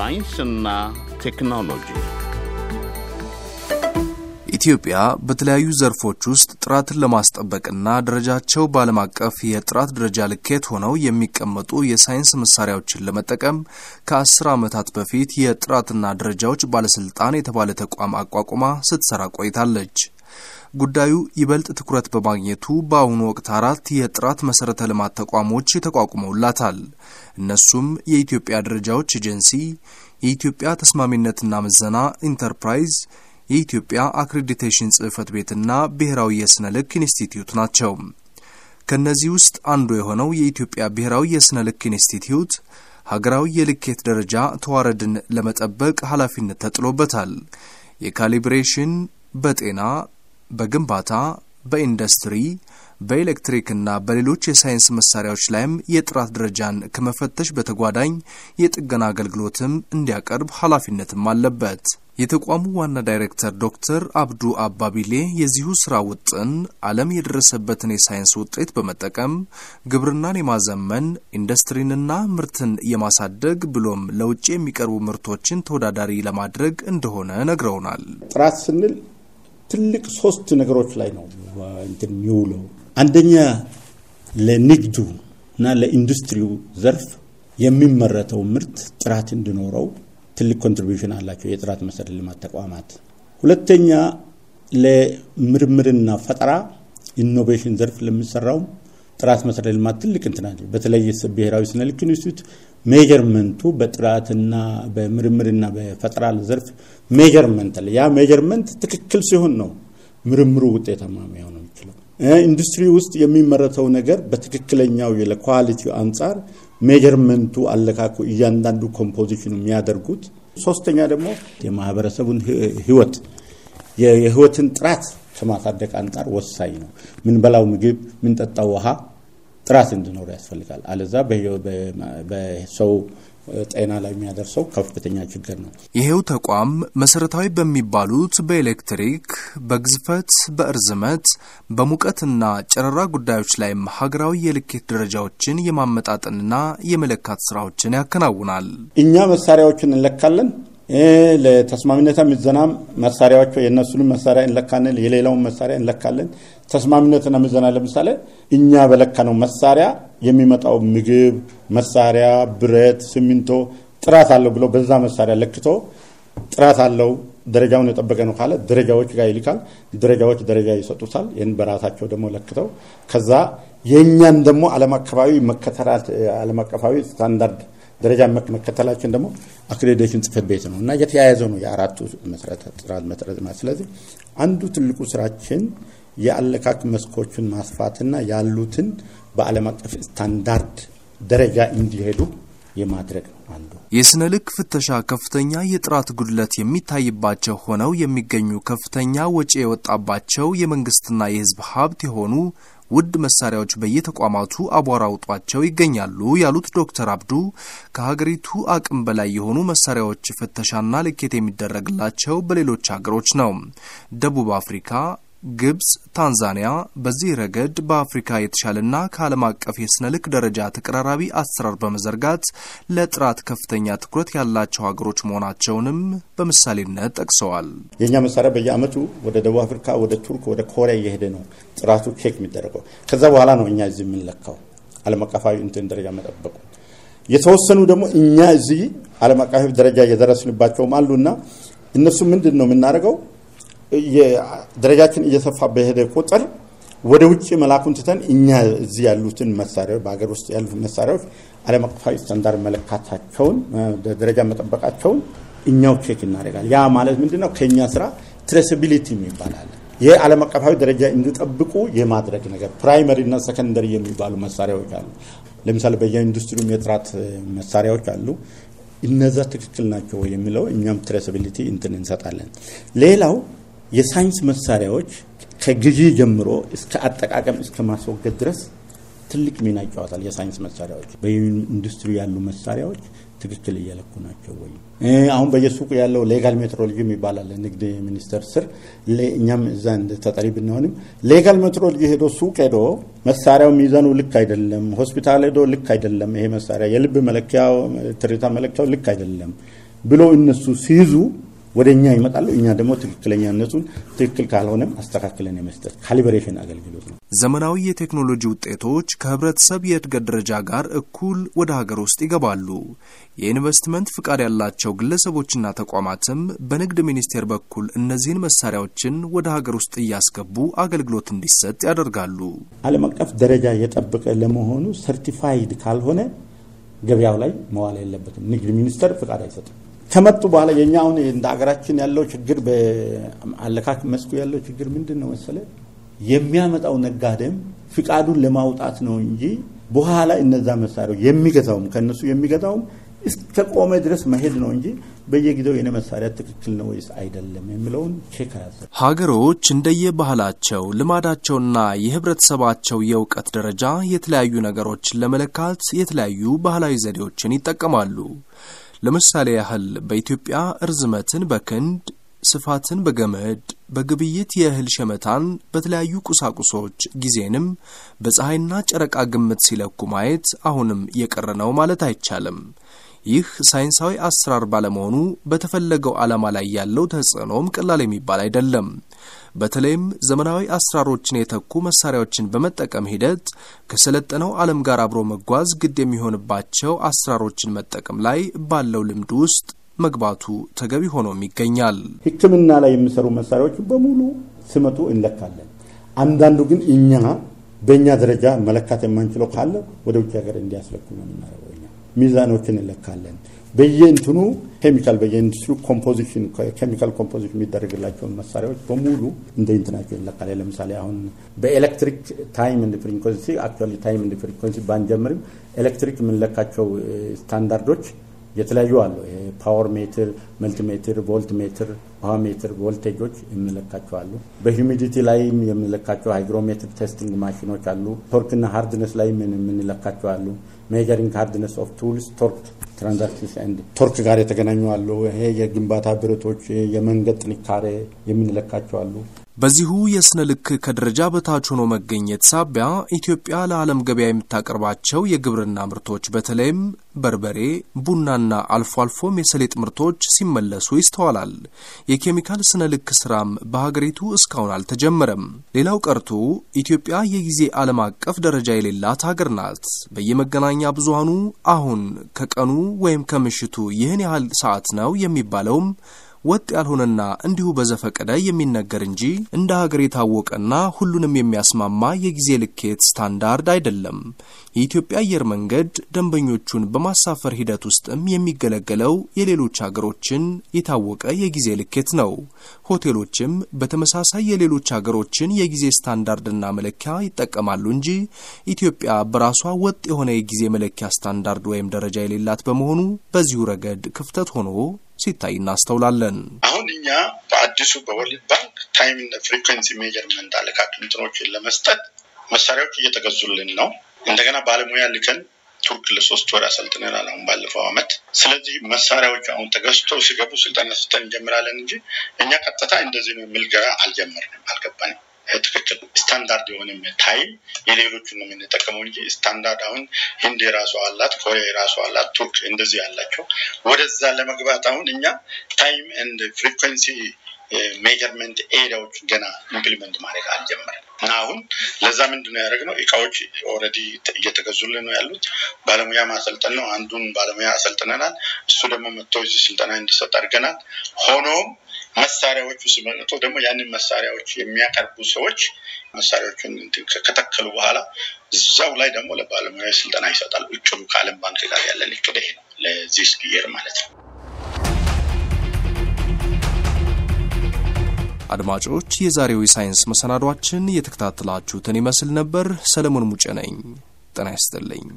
ሳይንስና ቴክኖሎጂ ኢትዮጵያ በተለያዩ ዘርፎች ውስጥ ጥራትን ለማስጠበቅና ደረጃቸው በዓለም አቀፍ የጥራት ደረጃ ልኬት ሆነው የሚቀመጡ የሳይንስ መሳሪያዎችን ለመጠቀም ከአስር ዓመታት በፊት የጥራትና ደረጃዎች ባለስልጣን የተባለ ተቋም አቋቁማ ስትሰራ ቆይታለች። ጉዳዩ ይበልጥ ትኩረት በማግኘቱ በአሁኑ ወቅት አራት የጥራት መሰረተ ልማት ተቋሞች ተቋቁመውላታል። እነሱም የኢትዮጵያ ደረጃዎች ኤጀንሲ፣ የኢትዮጵያ ተስማሚነትና ምዘና ኢንተርፕራይዝ፣ የኢትዮጵያ አክሬዲቴሽን ጽህፈት ቤትና ብሔራዊ የስነ ልክ ኢንስቲትዩት ናቸው። ከእነዚህ ውስጥ አንዱ የሆነው የኢትዮጵያ ብሔራዊ የስነ ልክ ኢንስቲትዩት ሀገራዊ የልኬት ደረጃ ተዋረድን ለመጠበቅ ኃላፊነት ተጥሎበታል። የካሊብሬሽን በጤና በግንባታ፣ በኢንዱስትሪ፣ በኤሌክትሪክና በሌሎች የሳይንስ መሳሪያዎች ላይም የጥራት ደረጃን ከመፈተሽ በተጓዳኝ የጥገና አገልግሎትም እንዲያቀርብ ኃላፊነትም አለበት። የተቋሙ ዋና ዳይሬክተር ዶክተር አብዱ አባቢሌ የዚሁ ስራ ውጥን ዓለም የደረሰበትን የሳይንስ ውጤት በመጠቀም ግብርናን የማዘመን ኢንዱስትሪንና ምርትን የማሳደግ ብሎም ለውጭ የሚቀርቡ ምርቶችን ተወዳዳሪ ለማድረግ እንደሆነ ነግረውናል። ጥራት ስንል ትልቅ ሶስት ነገሮች ላይ ነው እንትን የሚውለው። አንደኛ ለንግዱ እና ለኢንዱስትሪው ዘርፍ የሚመረተው ምርት ጥራት እንዲኖረው ትልቅ ኮንትሪቢሽን አላቸው የጥራት መሰረተ ልማት ተቋማት። ሁለተኛ ለምርምርና ፈጠራ ኢኖቬሽን ዘርፍ ለሚሰራውም ጥራት መሰረተ ልማት ትልቅ እንትና በተለይ ብሔራዊ ስነ ልክ ኢንስቲትዩት ሜጀርመንቱ በጥራትና በምርምርና በፈጠራል ዘርፍ ሜጀርመንት አለ። ያ ሜጀርመንት ትክክል ሲሆን ነው ምርምሩ ውጤታማ የሚሆነው የሚችለው። ኢንዱስትሪ ውስጥ የሚመረተው ነገር በትክክለኛው ለኳሊቲ አንጻር ሜጀርመንቱ አለካኩ እያንዳንዱ ኮምፖዚሽኑ የሚያደርጉት ሶስተኛ ደግሞ የማህበረሰቡን ህይወት የህይወትን ጥራት ከማሳደግ አንጻር ወሳኝ ነው። ምንበላው ምግብ፣ ምንጠጣው ውሃ ጥራት እንዲኖረው ያስፈልጋል። አለዛ በሰው ጤና ላይ የሚያደርሰው ከፍተኛ ችግር ነው። ይሄው ተቋም መሰረታዊ በሚባሉት በኤሌክትሪክ፣ በግዝፈት፣ በእርዝመት፣ በሙቀትና ጨረራ ጉዳዮች ላይም ሀገራዊ የልኬት ደረጃዎችን የማመጣጠንና የመለካት ስራዎችን ያከናውናል። እኛ መሳሪያዎችን እንለካለን። ለተስማሚነት ምዘናም መሳሪያዎች የእነሱንም መሳሪያ እንለካለን፣ የሌላውን መሳሪያ እንለካለን። ተስማሚነትና ምዘና ለምሳሌ እኛ በለካነው መሳሪያ የሚመጣው ምግብ፣ መሳሪያ፣ ብረት፣ ሲሚንቶ ጥራት አለው ብሎ በዛ መሳሪያ ለክቶ ጥራት አለው ደረጃውን የጠበቀ ነው ካለ ደረጃዎች ጋር ይልካል። ደረጃዎች ደረጃ ይሰጡታል። ይህን በራሳቸው ደግሞ ለክተው ከዛ የእኛን ደግሞ ዓለም አካባቢ መከተራት ዓለም አቀፋዊ ስታንዳርድ ደረጃ መከተላችን ደግሞ አክሬዴሽን ጽፈት ቤት ነው እና የተያያዘ ነው የአራቱ መሰረተ ጥራት መሰረት። ስለዚህ አንዱ ትልቁ ስራችን የአለካክ መስኮችን ማስፋትና ያሉትን በዓለም አቀፍ ስታንዳርድ ደረጃ እንዲሄዱ የማድረግ ነው። አንዱ የስነ ልክ ፍተሻ ከፍተኛ የጥራት ጉድለት የሚታይባቸው ሆነው የሚገኙ ከፍተኛ ወጪ የወጣባቸው የመንግስትና የህዝብ ሀብት የሆኑ ውድ መሳሪያዎች በየተቋማቱ አቧራ ይገኛሉ ያሉት ዶክተር አብዱ ከሀገሪቱ አቅም በላይ የሆኑ መሳሪያዎች ፍተሻና ልኬት የሚደረግላቸው በሌሎች ሀገሮች ነው። ደቡብ አፍሪካ፣ ግብፅ፣ ታንዛኒያ በዚህ ረገድ በአፍሪካ የተሻለና ከዓለም አቀፍ የስነ ልክ ደረጃ ተቀራራቢ አሰራር በመዘርጋት ለጥራት ከፍተኛ ትኩረት ያላቸው ሀገሮች መሆናቸውንም በምሳሌነት ጠቅሰዋል። የእኛ መሳሪያ በየአመቱ ወደ ደቡብ አፍሪካ፣ ወደ ቱርክ፣ ወደ ኮሪያ እየሄደ ነው ጥራቱ ቼክ የሚደረገው። ከዛ በኋላ ነው እኛ እዚህ የምንለካው ዓለም አቀፋዊ እንትን ደረጃ መጠበቁ። የተወሰኑ ደግሞ እኛ እዚህ ዓለም አቀፋዊ ደረጃ እየደረስንባቸውም አሉና እነሱ ምንድን ነው የምናደርገው ደረጃችን እየሰፋ በሄደ ቁጥር ወደ ውጭ መላኩን ትተን እኛ እዚህ ያሉትን መሳሪያዎች በሀገር ውስጥ ያሉት መሳሪያዎች ዓለም አቀፋዊ ስታንዳርድ መለካታቸውን ደረጃ መጠበቃቸውን እኛው ቼክ እናደርጋለን። ያ ማለት ምንድነው? ከኛ ስራ ትሬስቢሊቲ ይባላል። ይህ ዓለም አቀፋዊ ደረጃ እንዲጠብቁ የማድረግ ነገር ፕራይመሪ እና ሰከንደሪ የሚባሉ መሳሪያዎች አሉ። ለምሳሌ በየኢንዱስትሪውም የጥራት መሳሪያዎች አሉ። እነዛ ትክክል ናቸው የሚለው እኛም ትሬስቢሊቲ እንትን እንሰጣለን። ሌላው የሳይንስ መሳሪያዎች ከግዢ ጀምሮ እስከ አጠቃቀም እስከ ማስወገድ ድረስ ትልቅ ሚና ይጫወታል። የሳይንስ መሳሪያዎች በኢንዱስትሪ ያሉ መሳሪያዎች ትክክል እየለኩ ናቸው ወይ? አሁን በየሱቁ ያለው ሌጋል ሜትሮሎጂ ይባላል ንግድ ሚኒስቴር ስር እኛም እዛ ተጠሪ ብንሆንም ሌጋል ሜትሮሎጂ ሄዶ ሱቅ ሄዶ መሳሪያው ሚዛኑ ልክ አይደለም፣ ሆስፒታል ሄዶ ልክ አይደለም፣ ይሄ መሳሪያ የልብ መለኪያ ትርታ መለኪያው ልክ አይደለም ብሎ እነሱ ሲይዙ ወደ እኛ ይመጣሉ። እኛ ደግሞ ትክክለኛነቱን ትክክል ካልሆነም አስተካክለን የመስጠት ካሊብሬሽን አገልግሎት ነው። ዘመናዊ የቴክኖሎጂ ውጤቶች ከህብረተሰብ የእድገት ደረጃ ጋር እኩል ወደ ሀገር ውስጥ ይገባሉ። የኢንቨስትመንት ፍቃድ ያላቸው ግለሰቦችና ተቋማትም በንግድ ሚኒስቴር በኩል እነዚህን መሳሪያዎችን ወደ ሀገር ውስጥ እያስገቡ አገልግሎት እንዲሰጥ ያደርጋሉ። ዓለም አቀፍ ደረጃ የጠበቀ ለመሆኑ ሰርቲፋይድ ካልሆነ ገበያው ላይ መዋል የለበትም። ንግድ ሚኒስቴር ፍቃድ አይሰጥም። ከመጡ በኋላ የእኛ አሁን እንደ ሀገራችን ያለው ችግር በአለካክ መስኩ ያለው ችግር ምንድን ነው መሰለ፣ የሚያመጣው ነጋዴም ፍቃዱን ለማውጣት ነው እንጂ በኋላ እነዛ መሳሪያው የሚገዛውም ከነሱ የሚገዛውም እስከ ቆመ ድረስ መሄድ ነው እንጂ በየጊዜው የኔ መሳሪያ ትክክል ነው ወይስ አይደለም የሚለውን ቼክ ያዘ። ሀገሮች እንደየባህላቸው ልማዳቸውና የህብረተሰባቸው የእውቀት ደረጃ የተለያዩ ነገሮችን ለመለካት የተለያዩ ባህላዊ ዘዴዎችን ይጠቀማሉ። ለምሳሌ ያህል በኢትዮጵያ እርዝመትን በክንድ ስፋትን በገመድ በግብይት የእህል ሸመታን በተለያዩ ቁሳቁሶች ጊዜንም በፀሐይና ጨረቃ ግምት ሲለኩ ማየት አሁንም የቀረ ነው ማለት አይቻልም። ይህ ሳይንሳዊ አሰራር ባለመሆኑ በተፈለገው ዓላማ ላይ ያለው ተጽዕኖም ቀላል የሚባል አይደለም። በተለይም ዘመናዊ አሰራሮችን የተኩ መሳሪያዎችን በመጠቀም ሂደት ከሰለጠነው ዓለም ጋር አብሮ መጓዝ ግድ የሚሆንባቸው አሰራሮችን መጠቀም ላይ ባለው ልምድ ውስጥ መግባቱ ተገቢ ሆኖም ይገኛል። ሕክምና ላይ የሚሰሩ መሳሪያዎች በሙሉ ስመቱ እንለካለን። አንዳንዱ ግን እኛ በእኛ ደረጃ መለካት የማንችለው ካለ ወደ ውጭ ሀገር እንዲያስለኩ ነው የምናደርገው። ሚዛኖችን እንለካለን። በየእንትኑ ኬሚካል በየኢንዱስትሪ ኮምፖዚሽን ኬሚካል ኮምፖዚሽን የሚደረግላቸውን መሳሪያዎች በሙሉ እንደ እንትናቸው ይለካል። ለምሳሌ አሁን በኤሌክትሪክ ታይም እንድ ፍሪኮንሲ አክቹዋሊ ታይም እንድ ፍሪኮንሲ ባንጀምርም ኤሌክትሪክ የምንለካቸው ስታንዳርዶች የተለያዩ አሉ። ፓወር ሜትር፣ ሜትር፣ ቮልት ሜትር ፓራሜትር ቮልቴጆች የምንለካቸው አሉ። በሂሚዲቲ ላይም የምንለካቸው ሃይግሮሜትሪክ ቴስቲንግ ማሽኖች አሉ። ቶርክና ሃርድነስ ላይ የምንለካቸው አሉ። ሜጀሪንግ ሃርድነስ ኦፍ ቱልስ ቶርክ ትራንዛክሽንስ ኤንድ ቶርክ ጋር የተገናኙ አሉ። ይሄ የግንባታ ብረቶች የመንገድ ጥንካሬ የምንለካቸው አሉ። በዚሁ የስነ ልክ ከደረጃ በታች ሆኖ መገኘት ሳቢያ ኢትዮጵያ ለዓለም ገበያ የምታቀርባቸው የግብርና ምርቶች በተለይም በርበሬ፣ ቡናና አልፎ አልፎም የሰሌጥ ምርቶች ሲመለሱ ይስተዋላል። የኬሚካል ስነ ልክ ስራም በሀገሪቱ እስካሁን አልተጀመረም። ሌላው ቀርቶ ኢትዮጵያ የጊዜ ዓለም አቀፍ ደረጃ የሌላት ሀገር ናት። በየመገናኛ ብዙሃኑ አሁን ከቀኑ ወይም ከምሽቱ ይህን ያህል ሰዓት ነው የሚባለውም ወጥ ያልሆነና እንዲሁ በዘፈቀደ የሚነገር እንጂ እንደ ሀገር የታወቀና ሁሉንም የሚያስማማ የጊዜ ልኬት ስታንዳርድ አይደለም። የኢትዮጵያ አየር መንገድ ደንበኞቹን በማሳፈር ሂደት ውስጥም የሚገለገለው የሌሎች ሀገሮችን የታወቀ የጊዜ ልኬት ነው። ሆቴሎችም በተመሳሳይ የሌሎች ሀገሮችን የጊዜ ስታንዳርድና መለኪያ ይጠቀማሉ እንጂ ኢትዮጵያ በራሷ ወጥ የሆነ የጊዜ መለኪያ ስታንዳርድ ወይም ደረጃ የሌላት በመሆኑ በዚሁ ረገድ ክፍተት ሆኖ ሲታይ እናስተውላለን። አሁን እኛ በአዲሱ በወርልድ ባንክ ታይም ፍሪኩንሲ ሜጀርመንት አለካት እንትኖችን ለመስጠት መሳሪያዎች እየተገዙልን ነው። እንደገና ባለሙያ ልከን ቱርክ ለሶስት ወር አሰልጥነናል። አሁን ባለፈው አመት። ስለዚህ መሳሪያዎች አሁን ተገዝቶ ሲገቡ ስልጠና ስልጠን እንጀምራለን እንጂ እኛ ቀጥታ እንደዚህ ምልገራ አልጀመርንም፣ አልገባንም። ትክክል ስታንዳርድ የሆነ ታይም የሌሎቹ ነው የምንጠቀመው እንጂ ስታንዳርድ አሁን ህንድ የራሱ አላት፣ ኮሪያ የራሱ አላት፣ ቱርክ እንደዚህ ያላቸው ወደዛ ለመግባት አሁን እኛ ታይም እንድ ፍሪኩንሲ ሜጀርመንት ኤሪያዎች ገና ኢምፕሊመንት ማድረግ አልጀመረም እና አሁን ለዛ ምንድን ነው ያደረግነው? እቃዎች ኦልሬዲ እየተገዙልን ነው ያሉት። ባለሙያ ማሰልጠን ነው። አንዱን ባለሙያ አሰልጥነናል። እሱ ደግሞ መጥቶ እዚህ ስልጠና እንዲሰጥ አድርገናል። ሆኖም መሳሪያዎቹ ሲመጡ ደግሞ ያንን መሳሪያዎች የሚያቀርቡ ሰዎች መሳሪያዎቹን ከተከሉ በኋላ እዛው ላይ ደግሞ ለባለሙያ ስልጠና ይሰጣል። እጩም ከዓለም ባንክ ጋር ያለን እጩ ይሄ ነው ለዚህ ስክየር ማለት ነው። አድማጮች፣ የዛሬው የሳይንስ መሰናዷችን የተከታተላችሁትን ይመስል ነበር። ሰለሞን ሙጬ ነኝ። ጤና ይስጥልኝ።